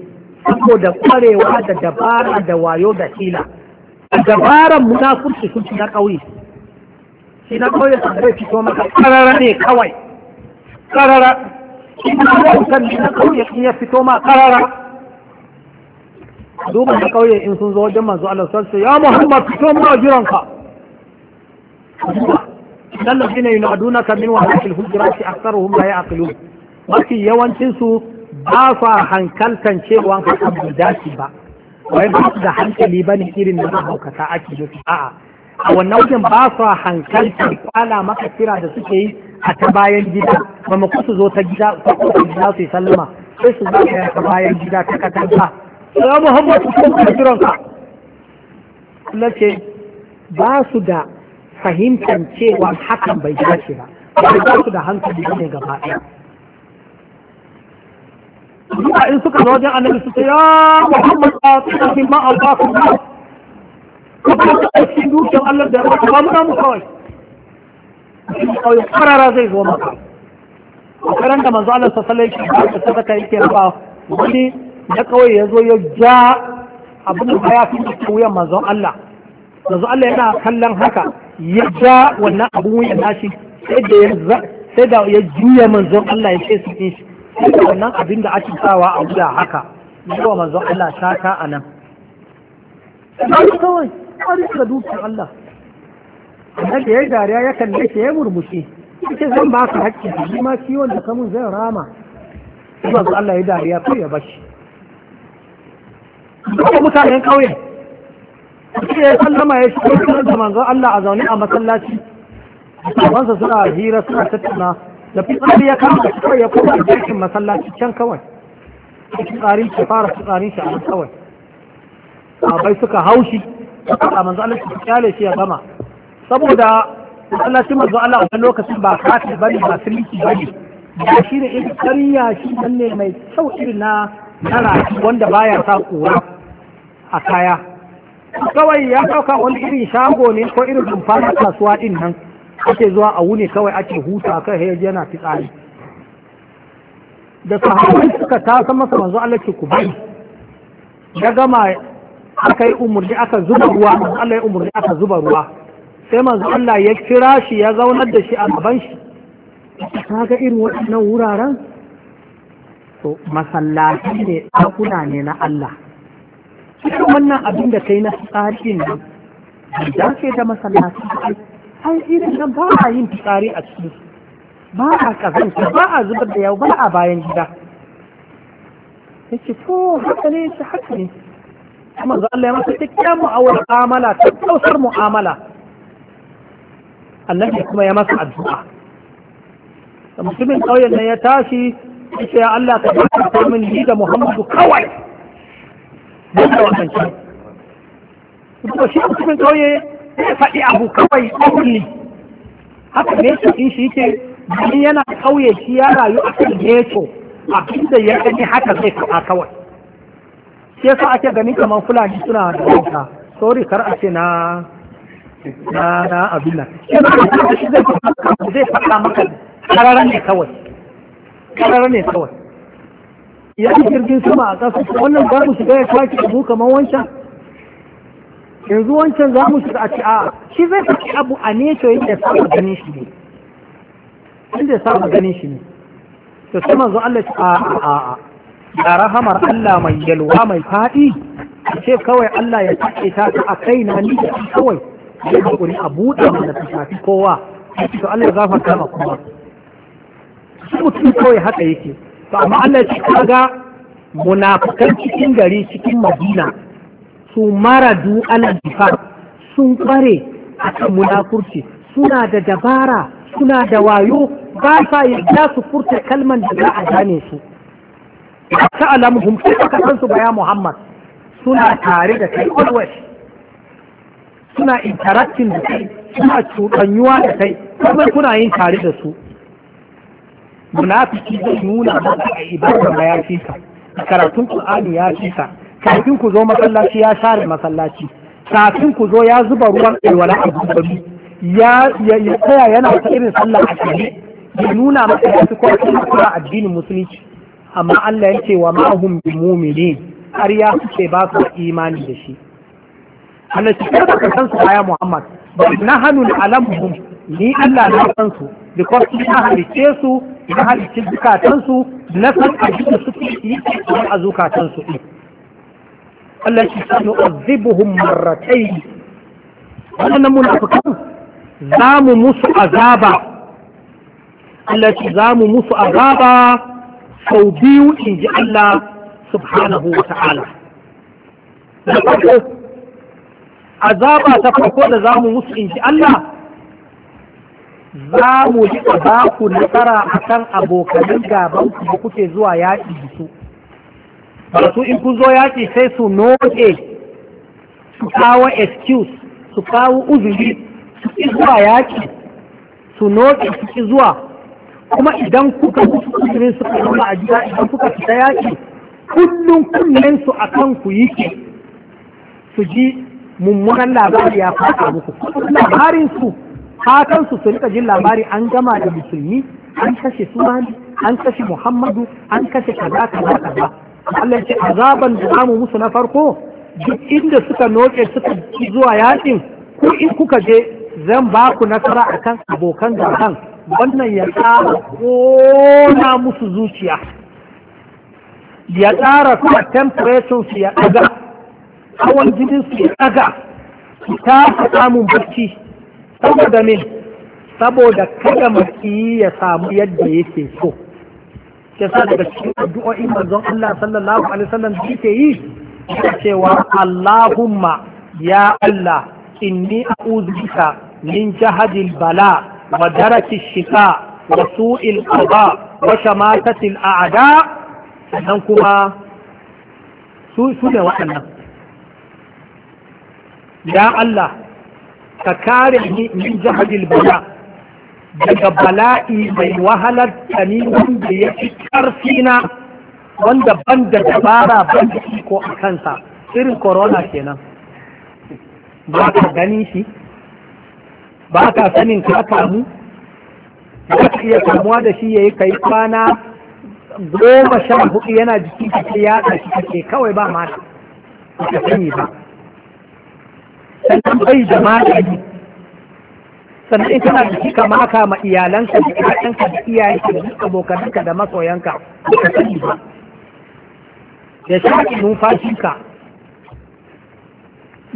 saboda kwarewa da dabara da wayo da hila dabaran munafurci sun ci na ƙauye shi na ƙauye sun zai fito maka ƙarara ne kawai ƙarara shi na ƙauye sun ya fito ma ƙarara duban da kauye in sun zo wajen manzo Allah sai ya Muhammad fito mu ajiranka الذين ينادونك من وراء الهجرات اكثرهم لا يعقلون mafi yawancinsu ba sa hankaltan cewa hakan bai ba wai ba da hankali ba ne irin na haukata ake nufi a'a a wannan wajen ba sa hankaltan kwala maka kira da suke yi a ta bayan gida ba ma su zo ta gida su yi sallama sai su za ta bayan gida ta katanta ya muhammad ko kuma kiranka Allah ce ba su da fahimtar cewa hakan bai dace ba ba su da hankali ne gaba ɗaya in suka zo wajen annabi su ce ya muhammad a cikin ma Allah ku ba ku su aiki dukiyar Allah da ya ba muna kawai zai zo maka a karan da manzo Allah sallallahu alaihi wasallam yake ba wani na kawai ya zo ya ja abin da ya fi cikin wuyan mazan Allah mazan Allah yana kallon haka ya ja wannan abin wuyan nashi sai da ya juya mazan Allah ya ce su ɗin shi sai da wannan abin da ake sawa a wuya haka zuwa mazan Allah shaka a nan kawai kawai da dukkan Allah da ya dariya ya kalle shi ya murmushi ce zan ba ka hakki shi ma ciwon da kamun zai rama sai manzon Allah ya dariya ko ya bashi kuma mutanen ƙauye suke ya sallama ya shiga cikin da manzon Allah a zaune a masallaci wansa suna hira suna tattauna da fitsari ya kama shi kawai ya koma jirgin masallaci can kawai fitsarin shi fara fitsarin shi a nan kawai abai suka haushi a manzo Allah shi kyale shi ya gama saboda masallacin manzo Allah a lokacin ba kati bane ba siliki bane ya shi ne irin karya shi ne mai kyau irin na tara wanda baya sa kura a kaya kawai ya ɗauka wani irin shago ne ko irin na kasuwa din nan ake zuwa a wuni kawai ake huta kan hayar yana fitsari da sahabai suka tasa masa manzo Allah ke ku bari ya gama aka yi umarni aka zuba ruwa Allah ya umarni aka zuba ruwa sai manzo Allah ya kira shi ya zaunar da shi a gaban shi ga irin wuraren to masallaci ne ɗakuna ne na Allah cikin wannan abin da kai na tsarin ne, da sai da masallaci ai irin nan ba a yin tsari a cikin ba a kazanta ba a zubar da yau ba a bayan gida Ya ce ko haka ne shi haka ne kuma za Allah ya masa mu'awar amala ta kausar mu'amala annabi kuma ya masa addu'a mutumin ƙauyen nan ya tashi sai ya Allah ka ta min ni da Muhammadu kawai don da wakanci kuma shi cikin kauye ya faɗi abu kawai kulli haka ne shi shi yake bayan yana kauye shi ya rayu a kan geto da ya gani haka zai faɗa kawai shi yasa ake gani kamar fulani suna da wanka sorry kar a ce na na na abin nan shi zai faɗa maka kararan ne kawai karar ne kawai ya yi jirgin sama a ƙasa wannan za mu shiga ya kwaki abu kamar wancan yanzu wancan za mu shiga a ci a shi zai saki abu a neto yadda ya a ganin shi ne inda ya a ganin shi ne to sai manzo Allah ya a a a da rahamar Allah mai yalwa mai faɗi ce kawai Allah ya kake ta a kai na, ni kawai ya hakuri a buɗe mana ta shafi kowa to Allah ya gafarta ma kuma su mutum kawai haka yake to amma Allah ya ce ga munafukan cikin gari cikin madina su mara ala difa sun kware kan munafurci suna da dabara suna da wayo ba sa yarda su furta kalman da za a gane su ta alamuhum sai aka san su baya Muhammad suna tare da kai always suna interacting da kai suna cuɗanyuwa da kai kuma kuna yin tare da su munafiki zai nuna maka a ibada ma ya fi karatun qur'ani ya fi ka kafin ku zo masallaci ya share masallaci kafin ku zo ya zuba ruwan alwala a gudabi ya ya tsaya yana ta irin sallah a kare ya nuna maka ya fi kwafi kura addinin musulunci amma Allah ya ce wa ma'ahum bi har ya ce ba su imani da shi Allah ya ce ka san su aya Muhammad na hannun ni Allah na san su because ni na halice su na halice zukatan su na san abin da suke yi a zukatan su din Allah shi sanu azibuhum marratayn wannan munafikan za mu musu azaba Allah shi za mu musu azaba sau biyu in ji Allah subhanahu wa ta'ala azaba ta farko da za mu musu in ji Allah za mu jika ba ku nasara a kan abokanin gaban ku da kuke zuwa yaƙi da su su in ku zo yaƙi sai su noke su kawo excuse su kawo uzuri su ƙi zuwa yaƙi su noke su ƙi zuwa kuma idan kuka musu kusurin su zama a gida idan kuka fita yaƙi kullum kullum su a kan ku yake su ji mummunan labari ya faɗa muku labarin su hakan su su rika jin labari an gama da musulmi an kashe sunani an kashe muhammadu an kashe kaza kaza kaza Allah ce azaban da zamu musu na farko duk inda suka noke suka zuwa yakin ku in kuka je zan ba ku nasara akan abokan gaban wannan ya tsara kona musu zuciya ya tsara kuma temperature su ya daga hawan jinin su ya daga ta samun barci saboda me saboda kada maki ya samu yadda yake so ke sa daga cikin addu'o'in manzon Allah sallallahu alaihi wasallam yake yi cewa Allahumma ya Allah inni a'udhu bika min jahadil bala wa daraki shika wa su'il qada wa shamatatil a'da sannan kuma su su ne waɗannan ya Allah ka kare ni min jahadil bala daga bala'i mai wahalar da wanda ya fi ƙarfi na wanda ban da dabara ban da iko a kansa irin corona kenan ba ka gani shi ba ka sanin ka kamu ba ka iya kamuwa da shi ya yi kai kwana goma sha hudu yana jiki ka ya ɗashi kake kawai ba mata ba ka sani ba sannan bai da magani sannan in kana da kika maka ma iyalanka da ƴaƴanka da iyayenka da duk abokananka da masoyanka ka sani ba da shaƙi numfashinka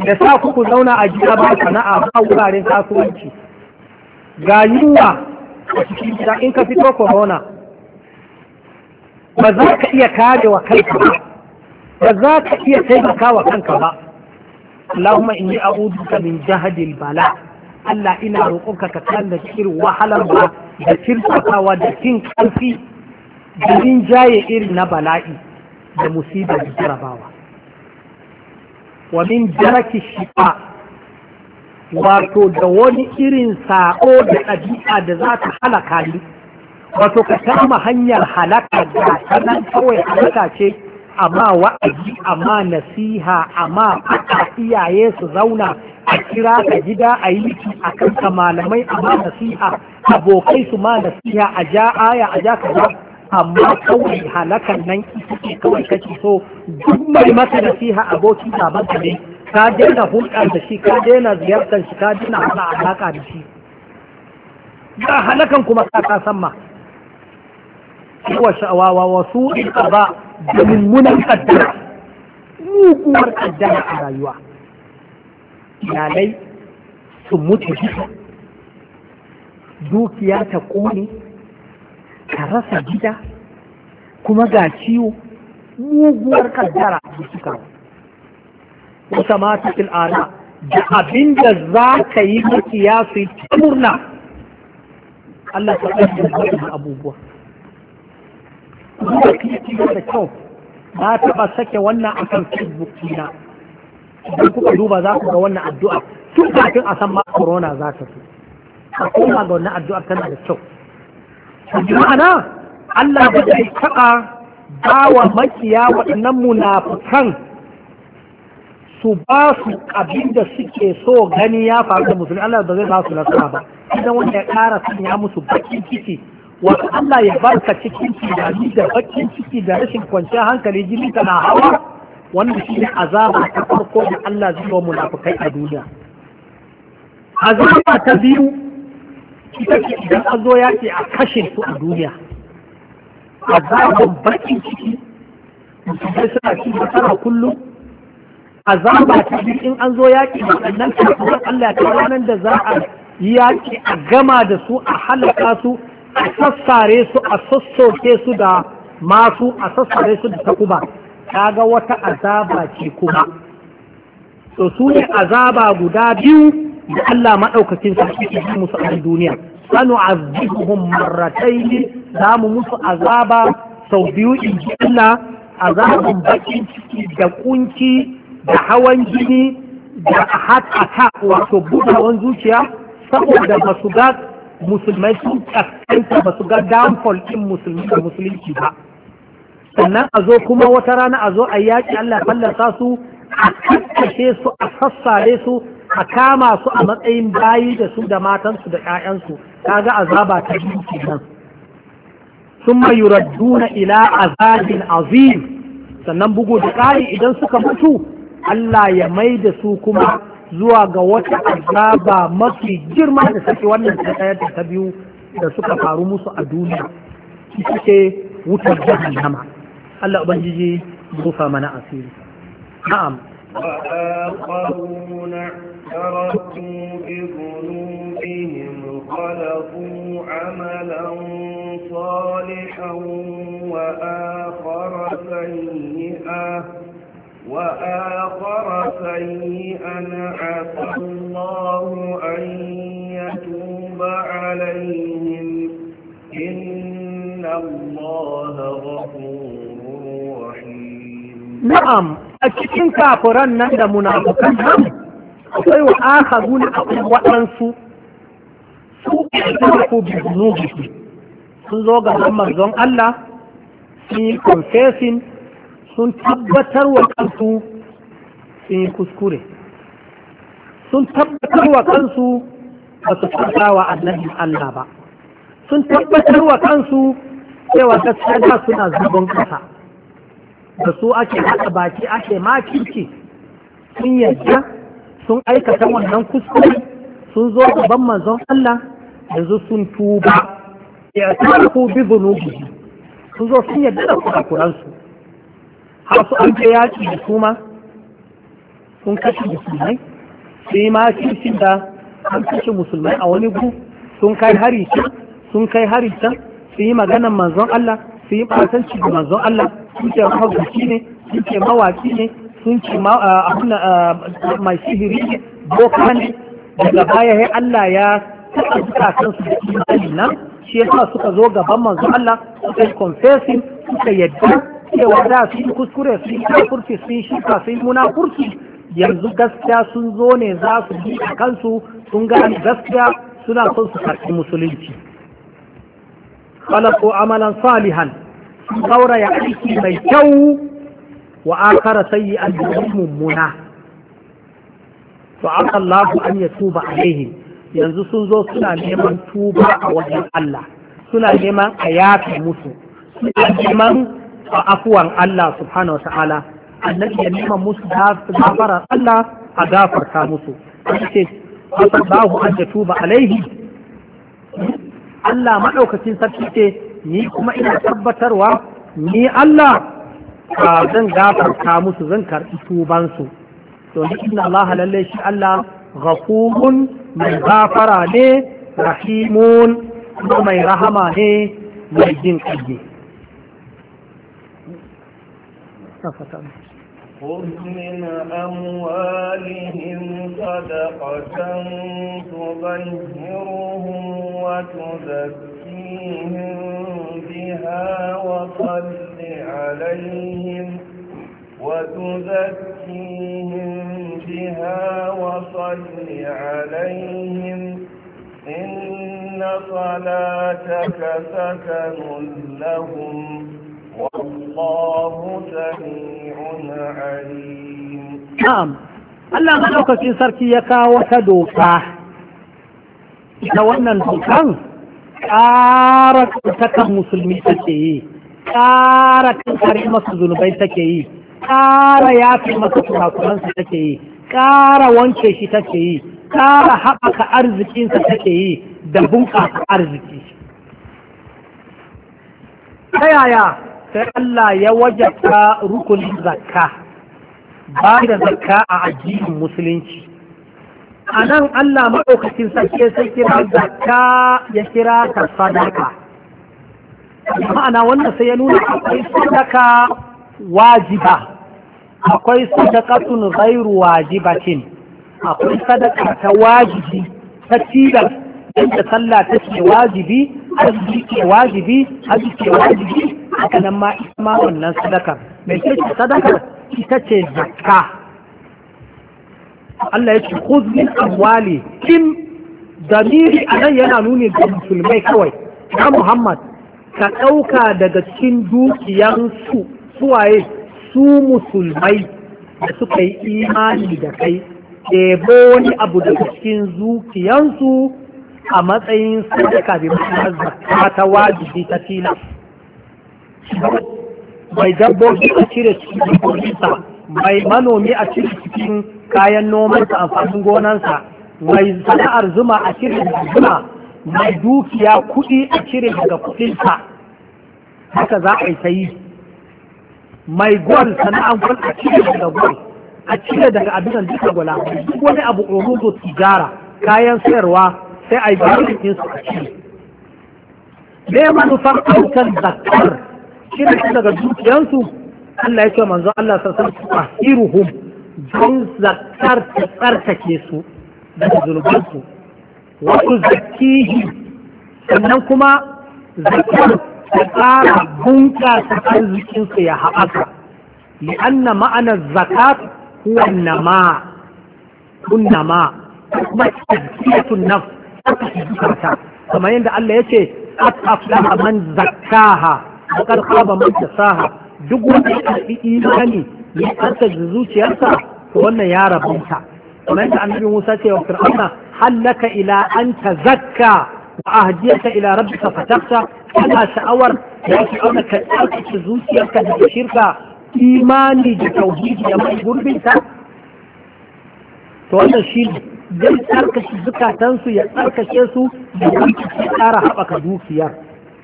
da sa kuku zauna a gida ba sana'a ba wuraren kasuwanci ga yiwuwa a cikin gida in ka fito corona ba za ka iya kare wa kanka ba ba za ka iya taimaka wa kanka ba Allahumma inni a'udhuka min jahadil bala Allah ina roƙonka ka kan da cikin wahalar ba da cirkatawa da cin ƙarfi da jaye irin na bala'i da da jarabawa wa min jaraki shifa wato da wani irin saƙo da ɗabi'a da za ta halaka ni wato ka kama hanyar halaka da sanan kawai halaka ce amma wa'azi amma nasiha amma fata iyaye su zauna a kira ka gida a yi miki a kan ka malamai amma nasiha abokai su ma nasiha a ja aya a ja kaza amma kawai halakan nan ita ce kawai kake so duk mai masa nasiha aboki ba maka ne ka daina hulɗar da shi ka daina ziyartar shi ka daina hana alaƙa da shi ga halakan kuma ka kasan ma wa sha'awa wa wasu ba da mummunan kaddara muguwar kaddara a rayuwa iyalai su mutu gida dukiya ta kone ka rasa gida kuma ga ciwo muguwar kaddara da suka wata mata fil'ana da abin da za ka yi makiya su yi murna Allah ta ɗauke da abubuwa zuwa kiyar da kyau na taɓa sake wannan a kan facebook kina idan kuka duba za ku ga wannan addu'a tun kafin a san ma corona za ta fi a koma ga wannan addu'ar tana da kyau ma'ana Allah ba zai taɓa ba wa makiya waɗannan munafukan su ba su abin da suke so gani ya faru da musulmi Allah ba zai ba su nasara ba idan wanda ya ƙara ya musu baƙin ciki wata Allah ya barka cikin tunani da bakin ciki da rashin kwanciyar hankali jini na hawa wanda shi ne azaba ta farko da Allah zai wa munafukai a duniya azaba ta biyu ita ce idan an zo ya ce a kashe su a duniya azaban bakin ciki musulmai suna ci nasara kullum azaba ta biyu in an zo yaƙi waɗannan kafin Allah ta ranar da za a yi yaƙi a gama da su a halaka su a sassare su a sassoke su da masu a sassare su da takuba ga wata azaba ce kuma to su ne azaba guda biyu da Allah maɗaukacin sarki ke yi musu a duniya sanu azibuhum marratayn za mu musu azaba sau biyu in ji Allah azabun bakin ciki da kunci da hawan jini da hat ta wato bugawan zuciya saboda masu su musulmai sun kaskanta ba su ga damfol ɗin musulmi da musulunci ba sannan a zo kuma wata rana a zo a yaƙi Allah fallasa su a kakkashe su a sassare su a kama su a matsayin bayi da su da matansu da ƴaƴansu kaga azaba ta biyu kenan summa yuradduna ila azabin azim sannan bugu da ƙari idan suka mutu Allah ya mai da su kuma zuwa ga wata azaba mafi girma da suke wannan ta ɗaya da ta biyu da suka faru musu a duniya ita ce wutar jahannama Allah ubangiji rufa mana asiri na'am وآخرون اعترفوا بذنوبهم خلقوا عملا صالحا وآخر سيئا وآخر سيئا a cikin kafiran nan da munafukan nan akwai wa aka a akwai waɗansu su ku bi zunubi sun zo ga manzon Allah sun yi confessing sun tabbatar wa kansu sun yi kuskure sun tabbatar wa kansu ba su fasa wa annabin Allah ba sun tabbatar wa kansu cewa gaskiya suna zubon kasa da su ake haɗa baki ake makirki sun yadda sun aikata wannan kuskure sun zo gaban manzon Allah yanzu sun tuba ya tarku bi zunubi sun zo sun yadda da kurakuran su har su an yaƙi da su ma sun kashe musulmai sai yi kirkin da an kashe musulmai a wani gu sun kai harita sun kai sun yi maganan manzon Allah su yi fasanci da manzon Allah sun ce mawaki ne sun ce mawaki ne sun ce mai sihiri ne boka ne daga baya ya Allah ya taɓa zukatansu da imani nan shi yasa suka zo gaban manzon Allah suka yi confessing suka yadda cewa da su yi kuskure su yi kafurci su yi shifa su yi munafurci yanzu gaskiya sun zo ne za su bi a kansu sun gane gaskiya suna son su karɓi musulunci. خلقوا عملا صالحا ثورة يعيش بيتو وآخر سيئا منا فعسى الله أن يتوب عليهم yanzu sun zo suna neman tuba a wajen Allah suna neman a yafe musu suna neman a afuwan Allah subhanahu wa ta'ala annabi ya neman musu gafara Allah a gafarta musu ce asallahu an tuba alaihi Allah maɗaukacin sarki ce ni kuma ina tabbatarwa ni Allah zan gafarta musu zan karɓi tubansu to ni inna Allah lalle shi Allah ghafurun mai gafara ne rahimun kuma mai rahama ne mai jin ƙage خذ من أموالهم صدقة تبهرهم وتزكيهم بها وصل عليهم وتزكيهم بها وصل عليهم إن صلاتك سكن لهم والله سميع عليم Allah maɗaukacin sarki ya kawo wata doka, ita wannan dokan ƙara kan musulmi take yi, ƙara kankare masu zunubai take yi, ƙara yafi masu kurakuransa take yi, ƙara wanke shi take yi, ƙara haɓaka arzikinsa take yi da bunƙasa arziki. Ta yaya sai Allah ya wajata rukunin zakka ba da zakka a addinin musulunci a nan Allah maɗaukacin sarki sai kira zakka ya kira ka sadaka ma'ana wannan sai ya nuna akwai sadaka wajiba akwai sadaka zairu wajiba wajibatin akwai sadaka ta wajibi ta tilar yadda sallah ta ke wajibi azumi ke wajibi azumi ke wajibi haka nan ma ma wannan sadaka mai ce sadaka ita ce zakka Allah ya ce khudh min amwali kim damiri anan yana nuni ga musulmai kawai na Muhammad ka ɗauka daga cikin dukiyan su suwaye su musulmai da suka yi imani da kai ɗebo wani abu daga cikin zukiyansu a matsayin sadaka bi ma'anar ta wajibi ta tilas mai dabbobi a cire cikin dabbobinsa mai manomi a cire cikin kayan nomansa amfanin gonansa mai sana'ar zuma a cire daga zuma mai dukiya kuɗi a cire daga kuɗinsa haka za a yi ta yi mai gwal sana'ar gwal a cire daga gwal a cire daga abinan duka gwala duk wani abu zo tijara kayan sayarwa sai a yi bayan su a cire me manufar ɗaukar zakar cire shi daga dukiyansu Allah ya ce manzo Allah sa san tahiruhum don zakar ta tsarkake su daga zulubansu wa uzakihi sannan kuma zakar ta tsara bunƙasa arzikinsu ya haɓaka anna ma'ana zakat huwa nama kunnama kuma tazkiyatun nafs ta kamar yadda Allah ya ce qad aflaha man zakkaha bakar haba man saha duk wanda ya karbi imani ya karta zuciyarsa to wannan ya rabunta kamar da annabi Musa ce wa Fir'auna hallaka ila an tazakka wa ahdiyaka ila rabbika fatakta kana sha'awar ya Fir'auna ka tsarkake zuciyarka daga shirka imani da tauhidi da mai gurbinta to wannan shi zai tsarkake zukatansu ya tsarkace su da wanda ke tsara haɓaka dukiyar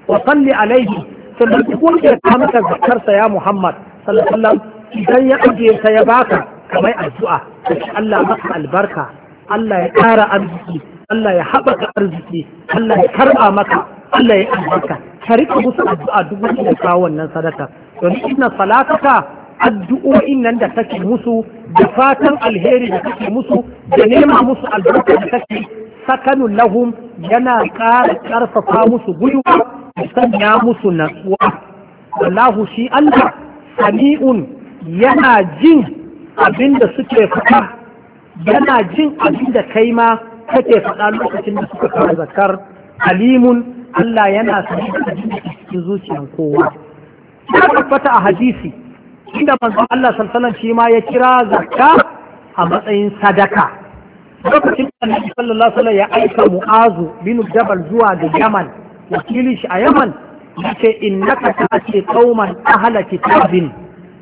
wa salli alaihi sannan duk wanda ya kama ka sa ya Muhammad sallallahu alaihi wasallam idan ya ajiye ta ya baka kamar addu'a kace Allah maka albarka Allah ya ƙara arziki Allah ya haɓaka arziki Allah ya karɓa maka Allah ya albarka ka rika musu addu'a duk wanda ya kawo wannan sadaka don inna salataka addu'o'in nan da kake musu da fatan alheri da kake musu da nema musu albarka da kake sakanun lahum yana ƙara ƙarfafa musu gudu. sanya musu natsuwa wallahu shi Allah sami'un yana jin da suke faɗa yana jin abin da kai ma kake faɗa lokacin da suka kawo zakar alimun Allah yana sani da da cikin zuciyar kowa ya tabbata a hadisi inda manzo Allah sallallahu shi ma ya kira zakka a matsayin sadaka lokacin da Annabi sallallahu alaihi ya aika Mu'azu bin Jabal zuwa da Yaman وكيلش أيمن انك تأتي قوما أهل كتاب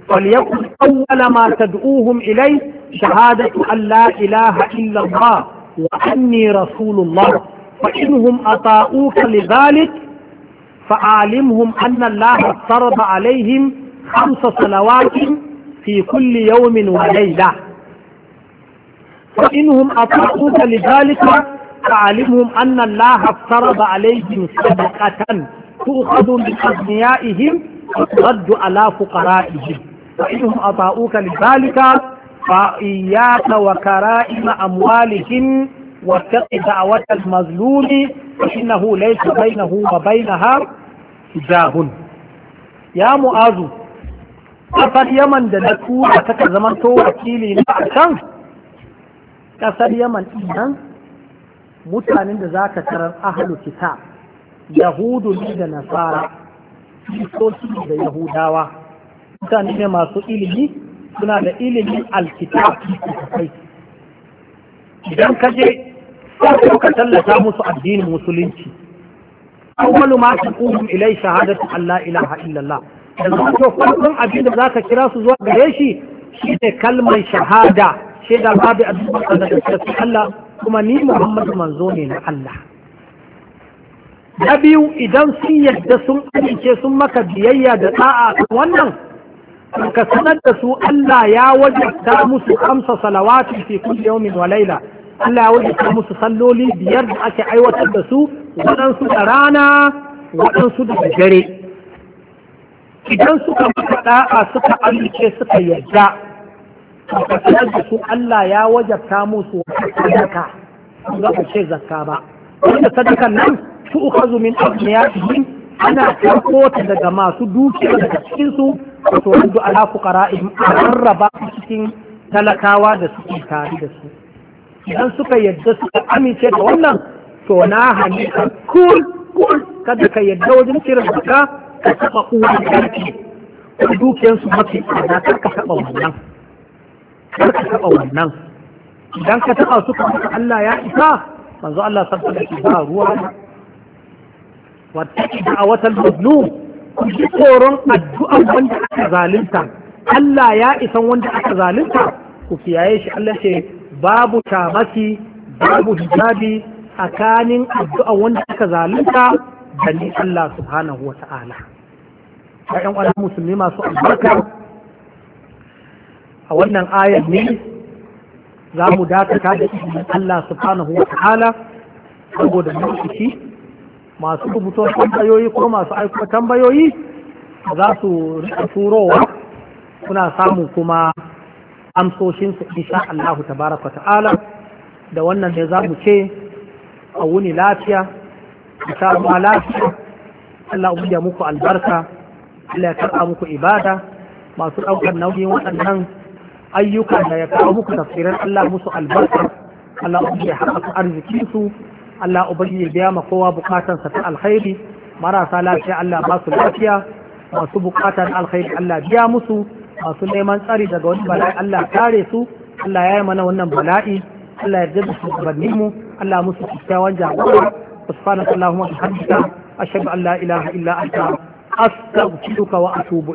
فليكن أول ما تدعوهم إليه شهادة أن لا إله إلا الله وأني رسول الله فإنهم أطاؤوك لذلك فعالمهم أن الله افترض عليهم خمس صلوات في كل يوم وليلة فإنهم أطاؤوك لذلك فعلمهم أن الله افترض عليهم صدقة تؤخذ من أغنيائهم وترد على فقرائهم فإنهم أطاؤوك لذلك فإياك وكرائم أموالهم واتق دعوة المظلوم فإنه ليس بينه وبينها حجاب يا معاذ كفر يمن da na tura ta zamanto wakili na a can kasar yaman ɗin mutanen da za ka tarar ahalu kitab yahudu ne da nasara kristoci da yahudawa mutane ne masu ilimi suna da ilimin alkitab kai idan ka je farko ka tallata musu addinin musulunci awwalu ma taqumu ilai shahadatu Allah, ila ilaha illallah yanzu to farkon abin da zaka kira su zuwa gare shi shine kalmar shahada shaida babu abin bauta da gaskiya fi Allah kuma ni Muhammadu manzo ne na Allah na biyu idan sun yadda sun amince sun maka biyayya da da'a wannan ka sanar da su Allah ya wajabta musu amsa salawatu fi kulli yawmin wa Allah ya wajabta musu salloli biyar da ake aiwatar da su waɗansu da rana waɗansu da dare idan suka maka da'a suka amince suka yarda ka da su Allah ya wajabta musu sadaka ga ku ce zakka ba wanda sadakan nan su ukazu min abniyatihim ana karko ta daga masu dukiya daga cikin su to wanda ala fuqara'ihim a rarraba cikin talakawa da suke tare da su idan suka yadda suka amince da wannan to na hannu kul kul kada ka yadda wajen kiran zakka ka taba uwan da ko dukiyansu mafi tsada ka taba wannan kar ka taɓa wannan idan ka taɓa su ka Allah ya isa manzo Allah da alaihi ba ruwa a da'awatal mazlum ku ji tsoron addu'a wanda aka zalunta Allah ya isa wanda aka zalunta ku kiyaye shi Allah ce babu tamaki babu hijabi tsakanin addu'a wanda aka zalunta da ni Allah subhanahu wa ta'ala. ‘Ya'yan wani musulmi masu albarka a wannan ayar ne za mu dakata da izinin Allah subhanahu wa ta'ala saboda lokaci masu rubuto tambayoyi ko masu aiko tambayoyi za su rika turowa kuna samu kuma amsoshinsu insha Allah tabaraka ta'ala da wannan ne za mu ce a wuni lafiya insha Allah lafiya Allah ubiya muku albarka Allah ya karɓa muku ibada masu ɗaukar nauyin waɗannan ayyuka da ya kawo muku tafsirin Allah musu albarka Allah ubangi ya haɓaka arzikin su Allah ubangi ya biya ma kowa bukatansa ta alkhairi marasa lafiya Allah ba su lafiya masu bukatan alkhairi Allah biya musu masu neman tsari daga wani bala'i Allah kare su Allah ya yi mana wannan bala'i Allah ya jaddada shugabannin mu Allah musu kyakkyawan jagora subhanaka allahumma bihamdika ashhadu an la ilaha illa anta astaghfiruka wa atubu